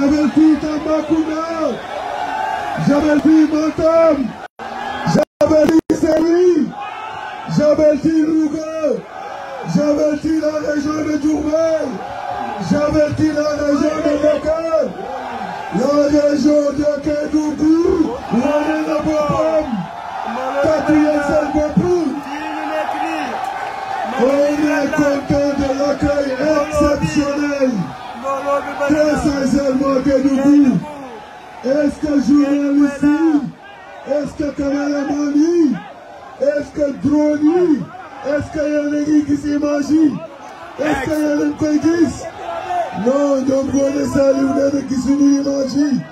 J'avais dit Tamakuna, j'avais dit Bantam, j'avais dit Série, j'avais dit Rouga, j'avais dit la région de Dourbel, j'avais dit la région de Local, la région de Kédougou, René la Bobom, Patrice Selbopou. On est content de l'accueil exceptionnel. Très sincèrement que nous Est-ce que journaliste Est-ce que caméramani Est-ce que drone, Est-ce qu'il y a des gens qui s'imagine Est-ce qu'il y a qui gis Non, ñoom Ngoné Saliou nee na gisuñu image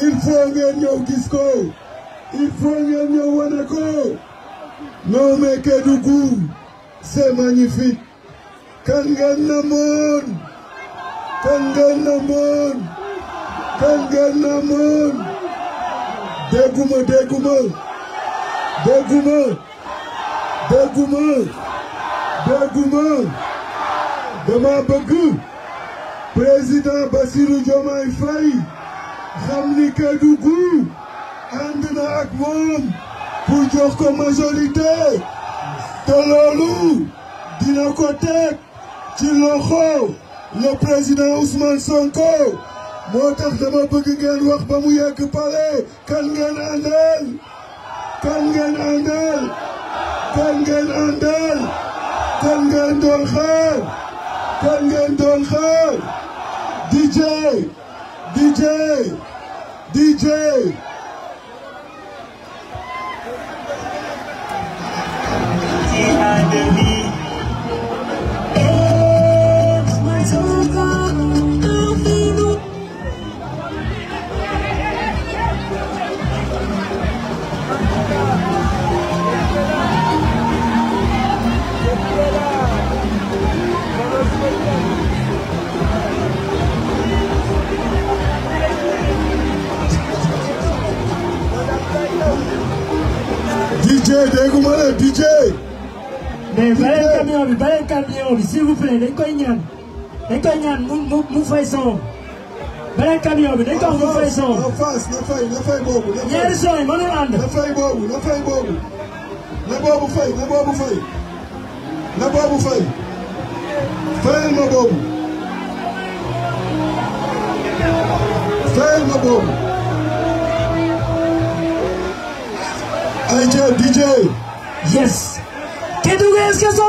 il faut gagner au Kisko. il faut gagner au wane non mais Kédougou c'est magnifique kan ngeen Kangan namun Kangan namun dégguma dégguma dégguma dégguma dama bëgg président Bassirou Diomaye Faye xam ni Kédougou ànd na ak moom pour jox ko majorité te loolu dina ko teg ci loxo le président Ousmane Sonko moi t'as dama bëgg ngeen wax pas mu kan gan àndal kan gan andel, kan gan àndal kan kan DJ DJ DJ Ukrainian. Ukrainian, mu faiso. Bere kabio, bere ko mu faiso. Na fas, na fai, na fai bobu. Yer so, manu and. Na fai bobu, na fai bobu. Na bobu fai, na bobu fai. Na bobu fai. Fai na bobu. Fai na bobu. Ay, DJ. Yes. Que tu crees que sou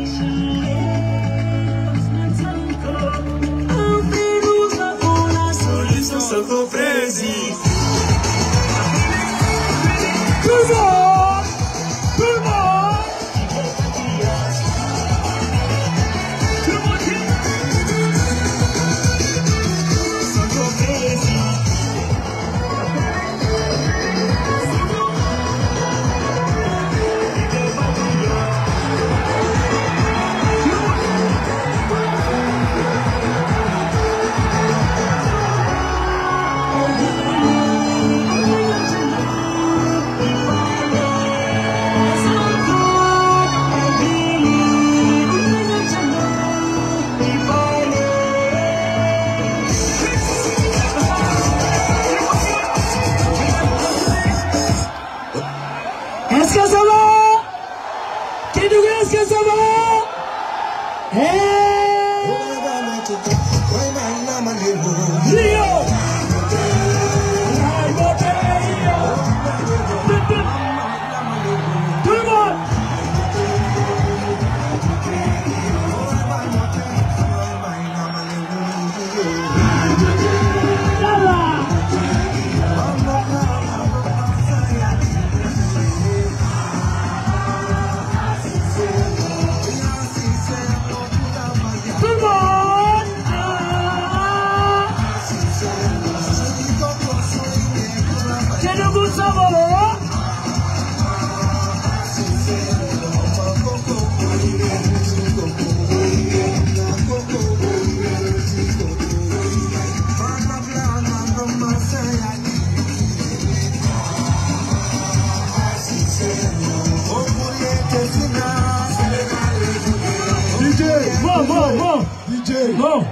liggéey. non.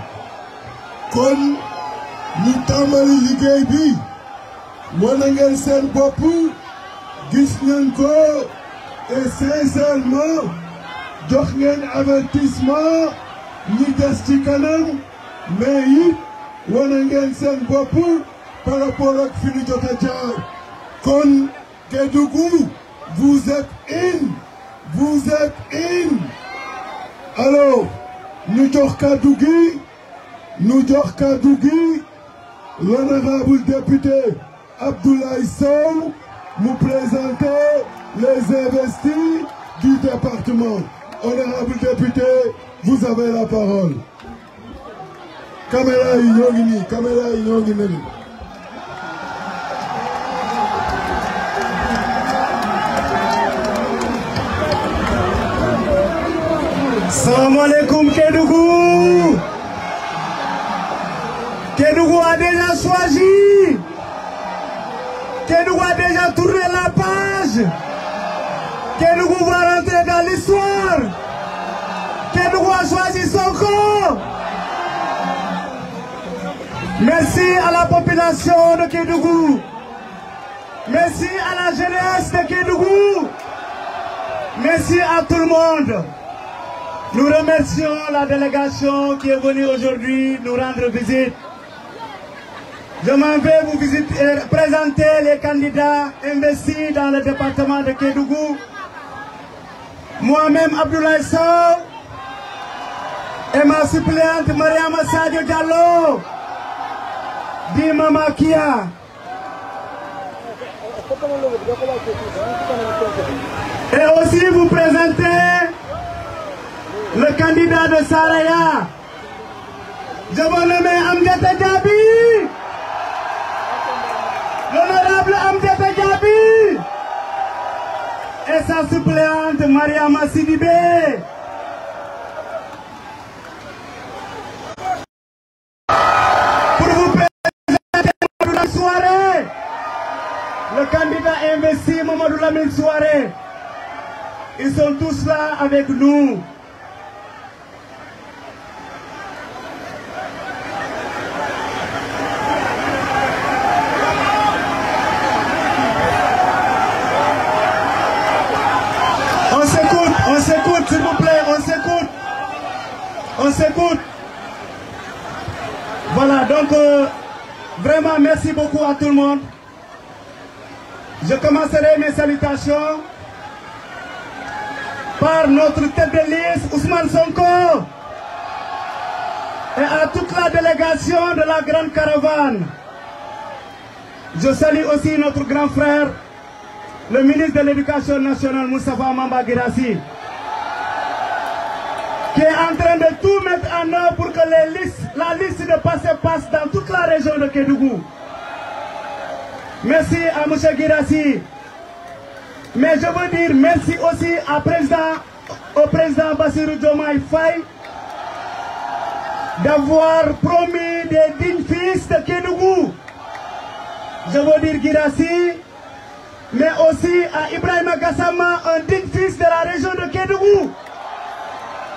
kon ñu tàmbali liggéey bi wane ngeen seen bopp gis ngeen ko et sincèrement jox ngeen avertissement ñi des ci kanam mais it wane ngeen seen bopp par ak fi ñu jot a jaar kon Kédougou vous êtes in vous êtes in alors. Nous jox honorable l'honorable député Abdoulaye Sow nous présenter les investis du département honorable député vous avez la parole alaikum Kédougou Kedougou, a déjà choisi nous a déjà tourné la page Kédougou va rentrer dans l'histoire Kédougou a choisi son camp Merci à la population de Kédougou Merci à la jeunesse de Kédougou Merci à tout le monde nous remercions la délégation qui est venue aujourd'hui nous rendre visite. Je m'en vais vous euh, présenter les candidats investis dans le département de Kédougou. Moi-même, Abdoulaye Sow, et ma suppléante Maria Massadio Diallo, dit Mama Et aussi vous présenter le candidat de Saraya. Je vous nomme Amdeta Diaby. L'honorable Amdeta Et sa suppléante Maria Sidibé. Pour vous présenter la soirée, le candidat investi Mamadou Lamine Soirée. Ils sont tous là avec nous. à tout le monde. Je commencerai mes salutations par notre tête de liste, Ousmane Sonko, et à toute la délégation de la Grande Caravane. Je salue aussi notre grand frère, le ministre de l'Éducation nationale, Moustapha Mamba Girassi, qui est en train de tout mettre en œuvre pour que les listes, la liste de passe passe dans toute la région de Kédougou. Merci à M. Girassi. Mais je veux dire merci aussi à président, au président Bassirou Diomaye Faye d'avoir promis des dignes fils de Kedougou. Je veux dire Girassi, mais aussi à Ibrahim Kassama, un digne fils de la région de Kedougou,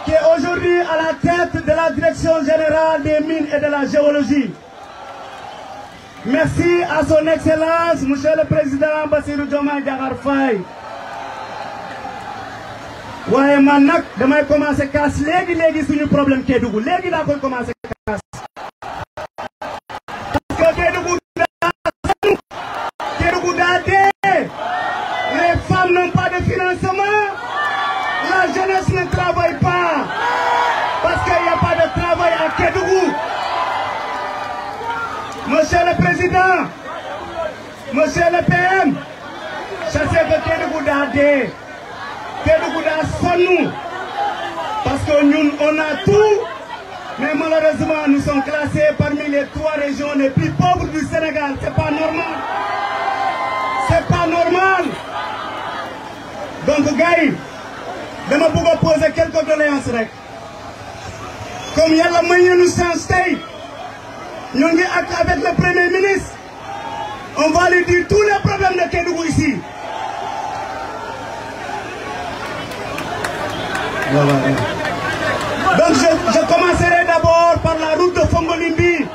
qui est aujourd'hui à la tête de la direction générale des mines et de la géologie. Merci à son Excellence, Monsieur le Président Bassirou Diomaye Diakhar Faye. waaye man nag damay commencer kaas léegi léegi suñu problème Kédougou léegi laa koy commencer kaas. Président, Monsieur le PM, sais que de d'Adé, sans nous. Parce que nous, on a tout, mais malheureusement, nous sommes classés parmi les trois régions les plus pauvres du Sénégal. C'est pas normal. C'est pas normal. Donc, Gaï, je vais vous poser quelques doléances. Comme il y a la moyen nous nous sommes avec le Premier ministre. On va lui dire tous les problèmes de Kédougou ici. Donc je, je commencerai d'abord par la route de Fongolimbi.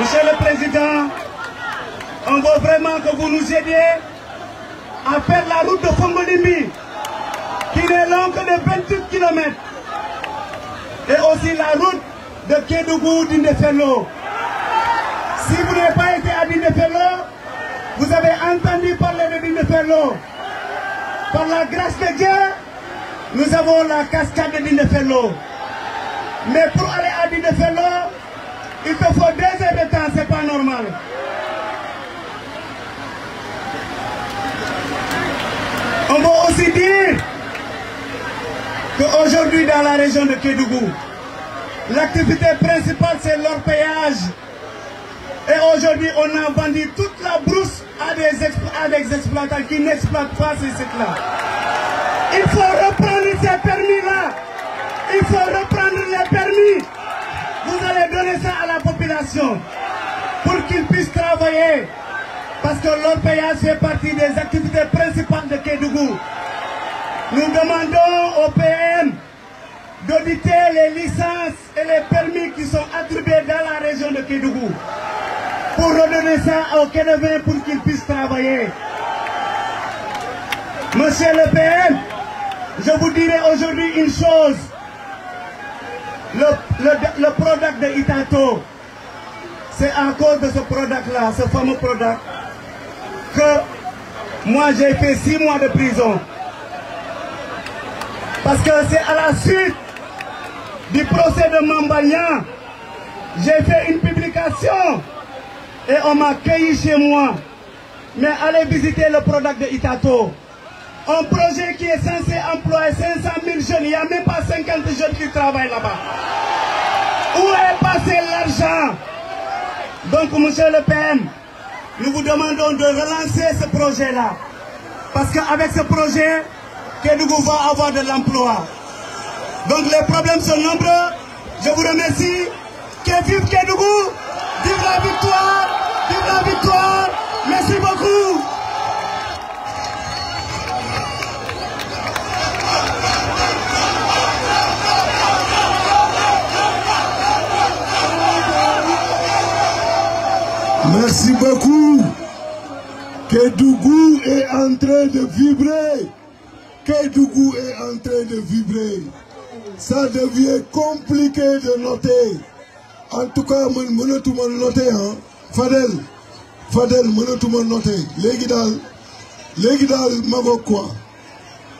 Monsieur le Président, on veut vraiment que vous nous aidiez à faire la route de Fongolimbi, qui n'est longue que de 28 km. Et aussi la route de Kédougou d'Indeferlo. Si vous n'avez pas été à Dindefello, vous avez entendu parler de Dindefello. Par la grâce de Dieu, nous avons la cascade de Dindefello. Mais pour aller à Dindefello, il te faut deux heures de temps, c'est pas normal. On va aussi dire qu'aujourd'hui dans la région de Kédougou, L'activité principale, c'est leur l'orpaillage. Et aujourd'hui, on a vendu toute la brousse à des, exploitants qui n'exploitent pas ces sites-là. Il faut reprendre ces permis-là. Il faut reprendre les permis. Vous allez donner ça à la population pour qu'ils puissent travailler. Parce que leur l'orpaillage fait partie des activités principales de Kédougou. Nous demandons au PM d'auditer les licences et les permis qui sont attribués dans la région de Kédougou pour redonner ça aux Kédougouins pour qu'ils puissent travailler. Monsieur le PM, je vous dirai aujourd'hui une chose. Le, le, le product de Itato, c'est à cause de ce product-là, ce fameux product, que moi j'ai fait six mois de prison. Parce que c'est à la suite du procès de Mambanya. j'ai fait une publication et on m'a accueilli chez moi. Mais allez visiter le product de Itato. Un projet qui est censé employer 500 000 jeunes. Il n'y a même pas 50 jeunes qui travaillent là-bas. Où est passé l'argent Donc, monsieur le PM, nous vous demandons de relancer ce projet-là. Parce qu'avec ce projet, que nous pouvons avoir de l'emploi. Donc les problèmes sont nombreux. Je vous remercie. Que vive Kedougou. Vive la victoire Vive la victoire Merci beaucoup Merci beaucoup. Kedougou est en train de vibrer. Kedougou est en train de vibrer ça devient compliqué de noter en tout cas tout mënatuma noter hein? Fadel Fadel je noter tout pas noter. daal ma l'Éguidal quoi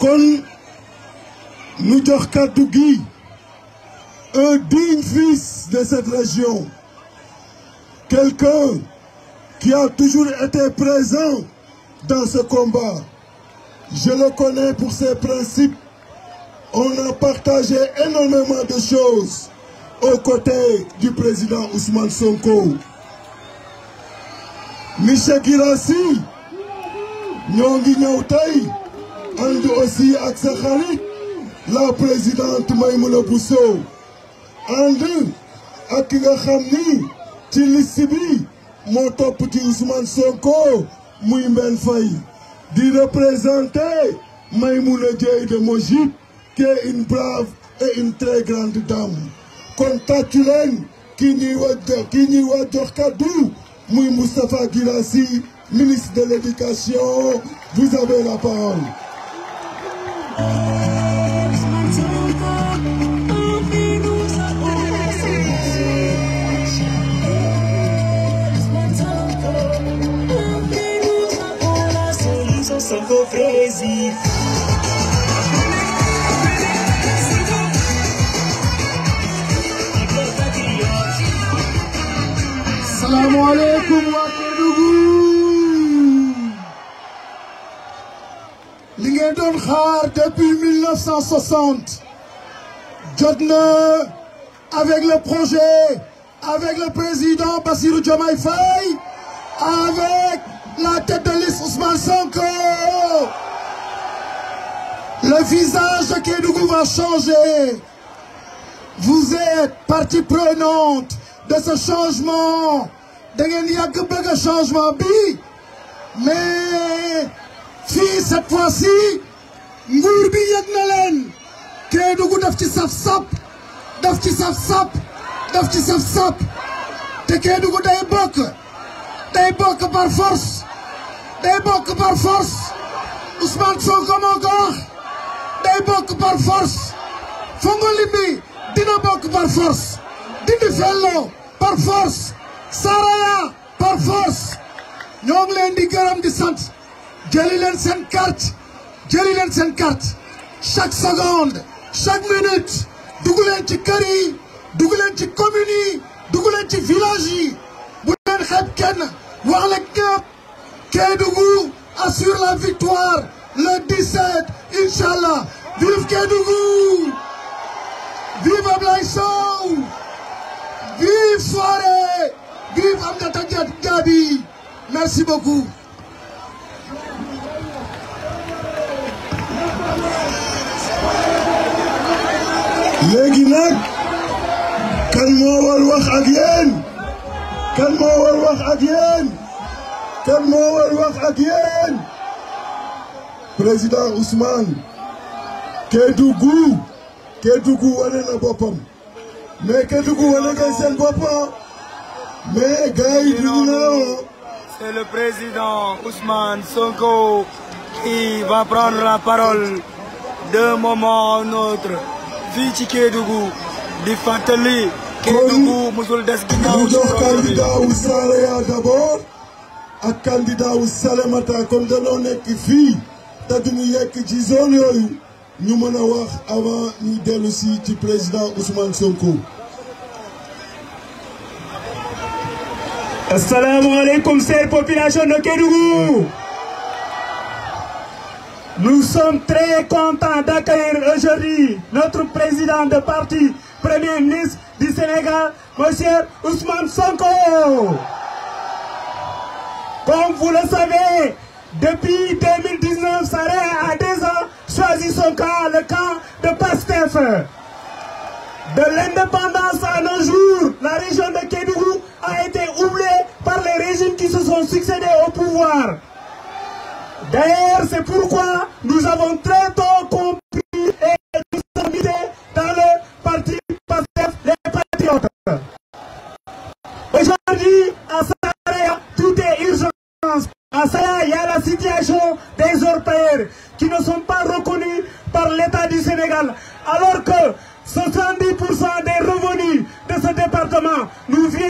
kon nu jox un digne fils de cette région quelqu'un qui a toujours été présent dans ce combat je le connais pour ses principes on a partagé énormément de choses aux côtés du président Ousmane Sonko. Michel Girassi, Nyongi Nyautai, Andou aussi la présidente Maïmouna Bousso. Andou, Akiga Khamni, Tili Sibi, top Ousmane Sonko muy Faye di représenter Maïmouna de Mojib qui est une brave et une très grande dame Quant à leen qui n'y wàjjo qui ñuy wàjjox Moustapha Gilasi, ministre de l'éducation vous avez la parole Assalamu wa depuis 1960 Jotne, avec le projet avec le président Bassirou Diomaye Faye avec la tête de liste Ousmane Sonko le visage de Kédougou va changer vous êtes partie prenante de ce changement da ngeen yàgg bëgg changement bi mais fii cette fois-ci nguur bi yëg na leen daf ci saf-sap daf ci saf-sap daf ci saf-sap te Kédougou day bokk day bokk par day bokk par force Ousmane Sonko ko wax day bokk par force Fongolimbi dina bokk par force Dindi Fello Saraya par force nous allons leen di gërëm di sant jëli leen carte jëli leen carte chaque seconde chaque minute dugg leen ci kër yi dugg leen ci commune yi ci village yi bu la assure la victoire le 17 inchallah vive Kédougou vive Ablaye vive soirée. Vive Amdata Gabi. Merci beaucoup. léegi nag kan moo war wax ak yéen kan moo war wax ak kan moo war wax ak président Ousmane Kédougou Kédougou wane na boppam mais Kédougou wane na seen boppam hein? Hein. c'est le président Ousmane Sonko qui va prendre la parole d'un moment à un autre fii ci Kédougou di fàttali Kédougou musul des candidat au d'abord candidat au comme de l'on est qui duñu yekk ci zone yooyu ñu mën avant ñuy dellu si ci président Ousmane Sonko Assalamu alaikum, population de Kédougou. Nous sommes très contents d'accueillir aujourd'hui notre président de parti, Premier ministre du Sénégal, M. Ousmane Sonko. Comme vous le savez, depuis 2019, Sarah a déjà choisi son camp, le camp de Pastef. De l'indépendance à nos jours, la région de Kédougou a été succédé au pouvoir. D'ailleurs, c'est pourquoi nous avons très tôt compris et nous dans le parti PASTEF, patriotes. Aujourd'hui, à Saraya, tout est urgence. À Saraya, il y a la situation des orpailleurs qui ne sont pas reconnus par l'État du Sénégal, alors que 70% des revenus de ce département nous viennent